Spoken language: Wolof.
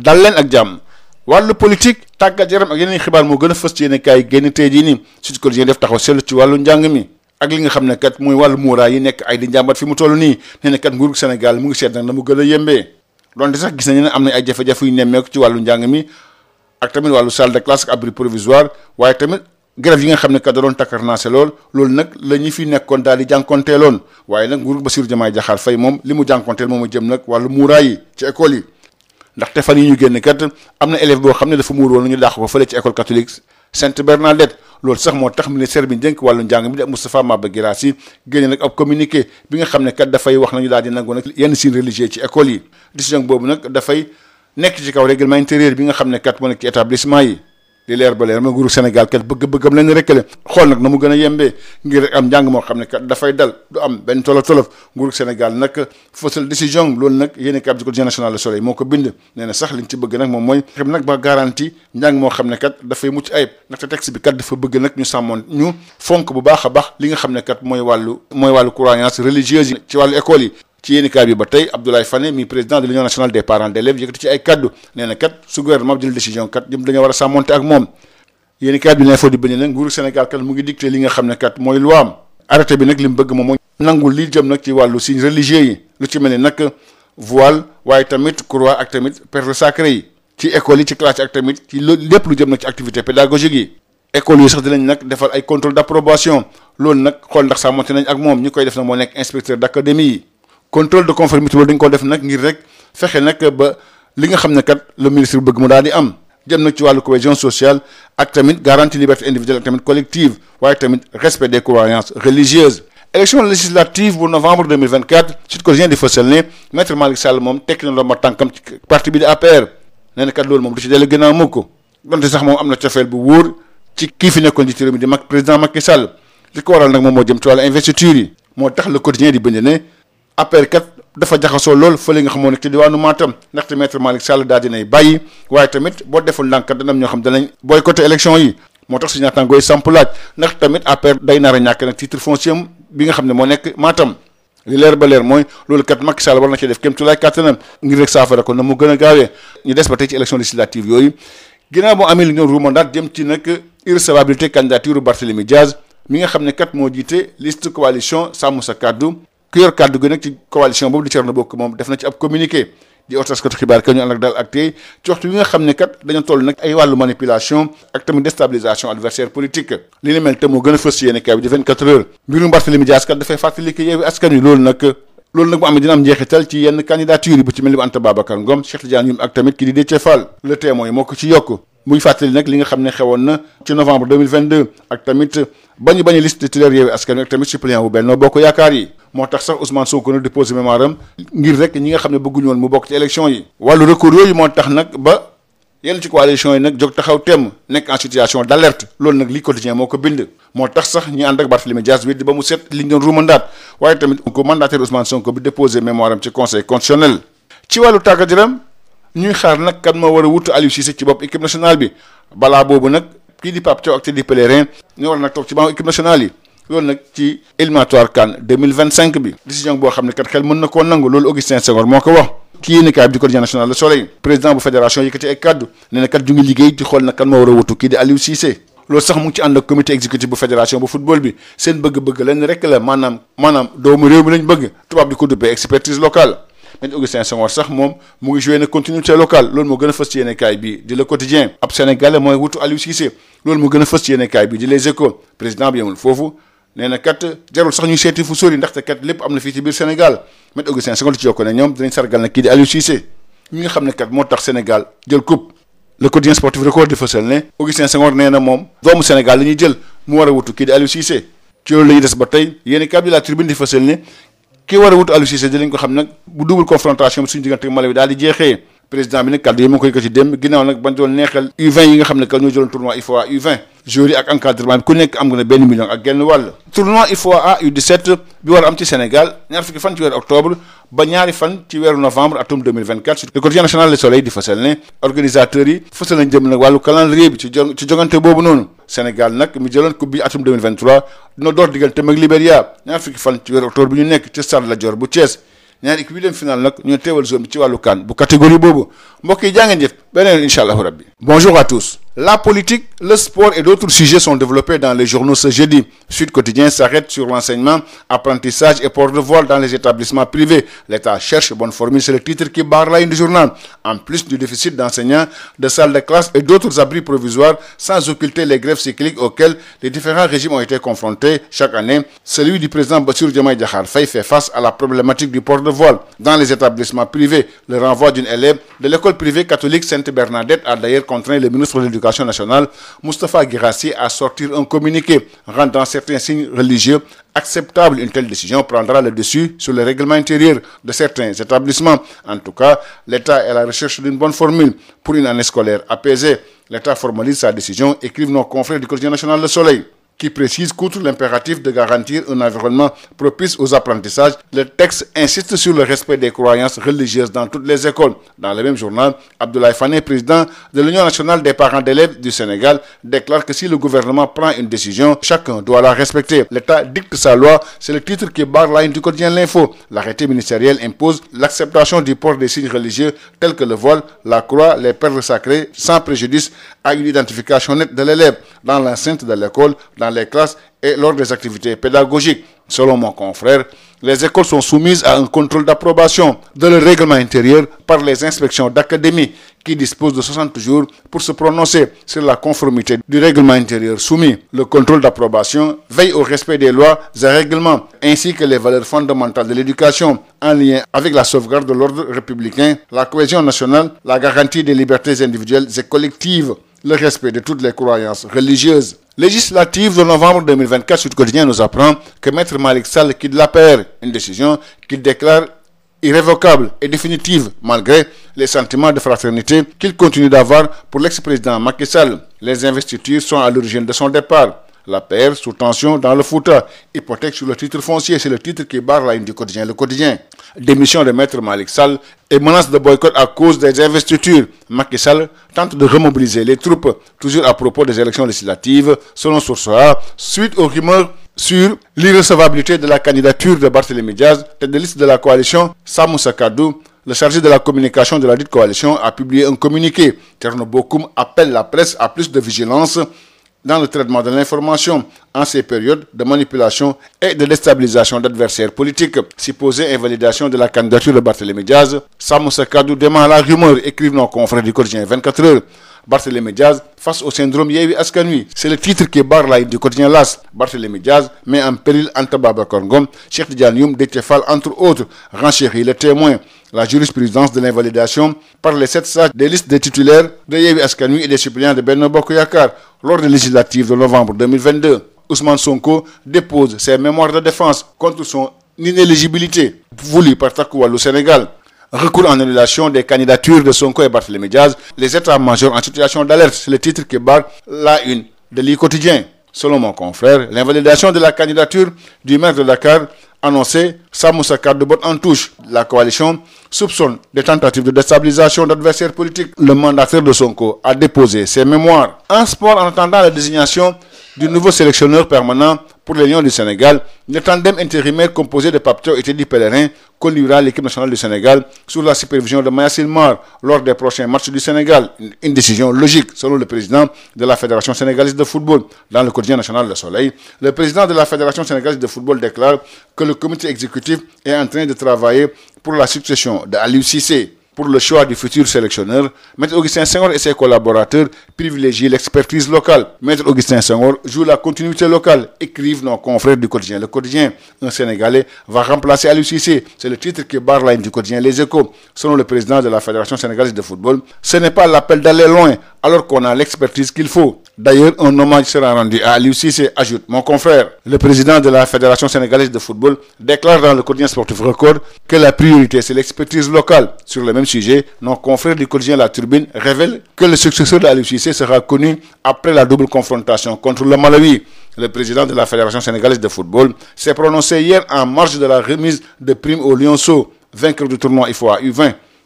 dal leen ak jàmm wàllu politique tàggat yaram ak yeneen xibaar moo gën a fës ci yéen kaay génn tey jii nii Sud Quotidien def taxaw seetlu ci wàllu njàng mi ak li nga xam ne kat muy wàllu muuraay yi nekk ay di njàmbat fi mu toll nii nee na kat nguuru Sénégal mu ngi seet nag na mu gën a yembee donte sax gis nañu ne am nañ ay jafe-jafe yu nemmeeku ci wàllu njàng mi ak tamit wàllu salle de classe ak abri provisoire waaye tamit grève yi nga xam ne kat da doon takkar naase lool loolu nag la ñu fi nekkoon di jànkoonteeloon waaye nag nguuru Bassirou Diomaye Diakhar Faye moom li mu jànkonteel moom a jëm nag wàllu muuraay yi ci école yi ndaxte fan yi ñu génn kat am na élève boo xam ne dafa muur woon ñu dàq ko fële ci école catholique Sainte Bernadette loolu sax moo tax ministère bi njënk wàllu njàng mi di Moustapha Maba Guirassy génne nag ab communiqué bi nga xam ne kat dafay wax nañu daal di nangu nag yenn signes religieux ci école yi décision boobu nag dafay nekk ci kaw règlement intérieur bi nga xam ne kat moo nekk ci établissement yi li leer ba leer ma nguuru Sénégal kat bëgg-bëggam lañu rekkale xool nag na mu gën a yembee ngir am njàng moo xam ne kat dafay dal du am benn tolof tolof nguuru Sénégal nag fësal décision loolu nag yéen kab di ko Soleil moo ko bind nee na li liñ ci bëgg nag moom mooy xam nag ba garantie njàng moo xam ne kat dafay mucc ayib ndaxte texte bi kat dafa bëgg nag ñu sàmmoon ñu fonk bu baax a baax li nga xam ne kat mooy wàllu mooy wàllu croyance religieuse yi ci wàllu école yi ci yéenikaay bi ba tey Abdoulaye Fane mi président de l'union nationale des parents d'élèves yëkkati ci ay kaddu nee na kat su gouvernement bi jël décision kat ñoom war a sàmmonte ak moom yéenikaay bi l'info di bañ nag nguuru Sénégal kat mu ngi dicté li nga xam ne kat mooy loi am arrêté bi nag li bëgg moom mooy nangul li jëm nag ci wàllu signes religieux yi lu ci mel ni nag voile waaye tamit croix ak tamit perles sacrées yi ci école yi ci classe ak ci lépp lu jëm nag ci activité pédagogique yi école yi sax dinañ defal ay contrôle d'approbation loolu nag xool ndax sàmmonte nañ ak moom ñi koy def na moo nekk inspecteur contrôle de conformité loolu dañ ko def nag ngir rek fexe nag ba li nga xam ne kat le ministre bëgg mu daal di am jëm nag ci wàllu cohésion sociale ak tamit garantie liberté individuelle ak tamit collective waaye tamit respect des croyances religieuses. élection législative bu novembre 2024 Sud Quotidien di fësal ne maître Malick Sall moom tekki na loolu ma ci parti bi di APR nee loolu moom du ci dellu gënaaw mukk donte sax moom am na cofeel kii fi nekkoon di mag président Macky Sall li ko waral nag moom moo jëm ci wàllu investiture moo tax le Quotidien di bind ne. APR kat dafa jaxasoo lool fële nga xamoo ne ci diwaanu Matam ndaxte maître Malick Sall daal dinay bàyyi waaye tamit boo deful ndànk dana am ñoo xam danañ boycotté élection yi moo tax suñu naataangooy samp laaj ndax tamit APR day nar a ñàkk nag titre foncier bi nga xam ne moo nekk Matam. li leer ba leer mooy loolu kat Macky Sall war na ci def kéem tolluwaay kàttanam ngir rek saafara ko na mu gën a gaawee ñu des ba tey ci élection législative yooyu ginnaaw boo amee li ñu ruumandaat jëm ci nag irrecevabilité candidature mi nga xam ne kat moo jiite liste coalition sàmm sa kàddu ku yor kàddu gi nag ci coalition boobu di Thierno Bokk moom def na ci ab communiqué di otaskatu xibaar ka ñu ànd ak daal ak tey ci waxtu yi nga xam ne kat dañoo toll nag ay wàllu manipulation ak tamit déstabilisation adversaire politique li ne mel te moo gën a fës si yéen kaay bi di 24 heures mbirum Barthélémy Dias kat dafay fàttali que yeewi askan wi loolu nag loolu nag mu amee dina am njeexital ci yenn candidature yi bu ni bu muy fàttali nag li nga xam ne xewoon na ci novembre 2022 ak tamit bañu bañ a liste titulaire Yewwi Askan Wi ak tamit suppléant bu Benno Bokk Yaakaar yi moo am ngir rek ñi nga xam bokk ci élection yi wàllu recours yooyu moo tax nag taxaw temm nekk en situation loolu nag li quotidien moo ko bind moo tax sax ñu ànd ak Barthélemy Dias weddi ba mu set li ñu doon ruumandaat waaye tamit ko mandataire déposé mémoire am ci conseil constitutionnel ci wàllu tàggat yaram ñuy xaar nag kan moo war a wutu Aliou Cissé ci bopp équipe nationale bi balaa boobu nag kii di Pape Thiaw ak te di Pellerin ñu war nag toog ci banc équipe nationale yi loolu nag ci éliminatoire CAN bi décision boo xam ne kat xel mën na koo nangu loolu Augustin Senghor moo ko wax ci yéen kaay bi di quotidien national Le Soleil président bu fédération yëkkati ay kaddu nee na kat ñu ngi liggéey di xool nag kan moo war a wutu kii di Aliou Cissé loolu sax bëgg-bëgg lañ rek la maanaam Maître Augustin Senghor sax moom mu ngi joué na continuité locale loolu moo gën a fës ci yéenekaay bi di Le Quotidien ab sénégalais mooy wutu Aliou Cissé loolu moo gën a fës ci yéenekaay bi di Les Échos président bi yemul foofu nee na kat jarul sax ñuy seeti fu sori ndaxte kat na fii ci biir Sénégal Maître Augustin Senghor ci jokko ne ñoom dinañ sargal na kii di Aliou Cissé ñi nga xam ne kat moo quotidien sportif record nee na moom doomu Sénégal la ñuy jël mu war a wutu kii di Aliou Cissé ci loolu la des ba tey yéeni kab di la tribune di fësal ne ki war a wut Aliou Cissé dinañ ko xam nag bu double confrontation bi suñu diggante Malawi daal di jeexee président bi nag kàddu yi ma koy ko ci démb ginnaaw nag bañ doon neexal u yi nga xam ne que ñoo jëloon tournoi UFOA U20 joueurs yi ak encadrement bi ku nekk am nga benn million ak genn wàll. tournoi UFOA U17 bi war am ci Sénégal ñaar fukki fan ci weeru octobre ba ñaari fan ci weeru novembre atum 2024 sur le quotidien national Le Soleil di fësal ne organisateurs yi fësal nañ jëm nag wàllu calendrier bi ci jo boobu noonu Sénégal nag mi jëloon coupe bi atum 2023 dina door digganteem ak Libéria ñaar fukki fan ci weeru octobre bi ñu nekk ci stade Lat Dior bu Thiès. ñaari équipe yi dem La politique, le sport et d'autres sujets sont développés dans les journaux ce jeudi. Sud Quotidien s'arrête sur l'enseignement, apprentissage et port de voile dans les établissements privés. L'État cherche bonne formule, c'est le titre qui barre la ligne du En plus du déficit d'enseignants, de salles de classe et d'autres abris provisoires, sans occulter les grèves cycliques auxquelles les différents régimes ont été confrontés chaque année, a d'ailleurs contraint le ministre de l'éducation nationale, Moustapha Guirassi, à sortir un communiqué rendant certains signes religieux acceptables. Une telle décision prendra le dessus sur le règlement intérieur de certains établissements. En tout cas, l'État est à la recherche d'une bonne formule pour une année scolaire apaisée. L'État formalise sa décision, écrivent nos confrères du quotidien national Le Soleil. qui précise qu'outre l'impératif de garantir un environnement propice aux apprentissages, le texte insiste sur le respect des croyances religieuses dans toutes les écoles. Dans le même journal, Abdoulaye Fane, président de l'Union nationale des parents d'élèves du Sénégal, déclare que si le gouvernement prend une décision, chacun doit la respecter. L'État dicte sa loi, c'est le titre qui barre la ligne L'Info. L'arrêté ministériel impose l'acceptation dans les classes et lors des activités pédagogiques. Selon mon confrère, les écoles sont soumises à un contrôle d'approbation de leur règlement intérieur par les inspections d'académie qui disposent de jours pour se prononcer sur la conformité du règlement intérieur soumis. Le contrôle d'approbation veille au respect des lois et règlements ainsi que les valeurs fondamentales de l'éducation en lien avec la sauvegarde de l'ordre républicain, la cohésion le respect de toutes les croyances religieuses. Législative de novembre 2024, Sud nous apprend que Maître Malik Sall quitte la paire, une décision qu'il déclare irrévocable et définitive malgré les sentiments de fraternité qu'il continue d'avoir pour l'ex-président Macky Sall. Les investitures sont à l'origine de son départ. La PR sous dans le foot. Hypothèque sur le titre foncier, c'est de maître Malik Sall et menace de boycott à cause des investitures. Macky à propos des élections législatives, selon Sourcea, suite aux rumeurs sur l'irrecevabilité la candidature de Barthélémy Diaz, tête de liste de la coalition Samoussa Kadou, le chargé de la communication de la dite coalition a publié un communiqué. Terno Bokoum appelle la presse à plus de vigilance dans le traitement de l'information en ces périodes de manipulation et de déstabilisation d'adversaires politiques. Supposée invalidation de la candidature de Barthélémy Diaz, Sam Barthélémy Diaz face au syndrome Yewwi Askan c'est le titre qui barre la une du quotidien L'As en péril Anta Babacar Ngom Cheikh Tidiane Youm Déthié Fall entre autres renchérit le témoin la jurisprudence de l'invalidation par les sept sages des listes des titulaires de Yewwi Askan Wi et des suppléants de Benno Bokk Yakaar lors des législatives de novembre 2022 Ousmane Sonko dépose ses mémoires de défense contre son inéligibilité voulue par Takku Wallu Sénégal recours en annulation des candidatures de Sonko et Barthélémy Diaz, les états-majors en situation d'alerte. C'est le titre qui barre la une de l'I quotidien. Selon mon confrère, l'invalidation de la candidature du maire de Dakar annoncée, Samoussa Kardobot en touche. La coalition soupçonne des tentatives de déstabilisation d'adversaires politiques. Le mandataire de Sonko a déposé ses mémoires. En sport, en attendant la désignation du nouveau sélectionneur permanent pour les Lions du Sénégal, le tandem intérimaire composé de Papito et Teddy Pellerin conduira l'équipe nationale du Sénégal sous la supervision de Maya Silmar lors des prochains matchs du Sénégal. Une décision logique, selon le président de la Fédération sénégalaise pour la succession de Aliou Cissé pour le choix du futur sélectionneur, Maître Augustin Senghor et ses collaborateurs privilégient l'expertise locale. Maître Augustin Senghor joue la continuité locale, écrivent nos confrères du quotidien. Le quotidien, un Sénégalais, va remplacer Aliou C'est le titre qui barre du quotidien Les Échos. Selon le président de la Fédération sénégalaise de football, ce n'est pas l'appel d'aller loin alors qu'on a l'expertise qu'il faut. D'ailleurs, un hommage sera rendu à Aliou Cissé, ajoute mon confrère. Le président de la Fédération sénégalaise de football déclare dans le quotidien sportif Record que la priorité, c'est l'expertise locale. Sur le même sujet, nos confrères du quotidien La Turbine révèlent que le successeur d'Aliou la double le président de la Fédération sénégalaise de football s'est prononcé hier en marge de la remise de primes au Lionceau, vainqueur du tournoi IFOA U20.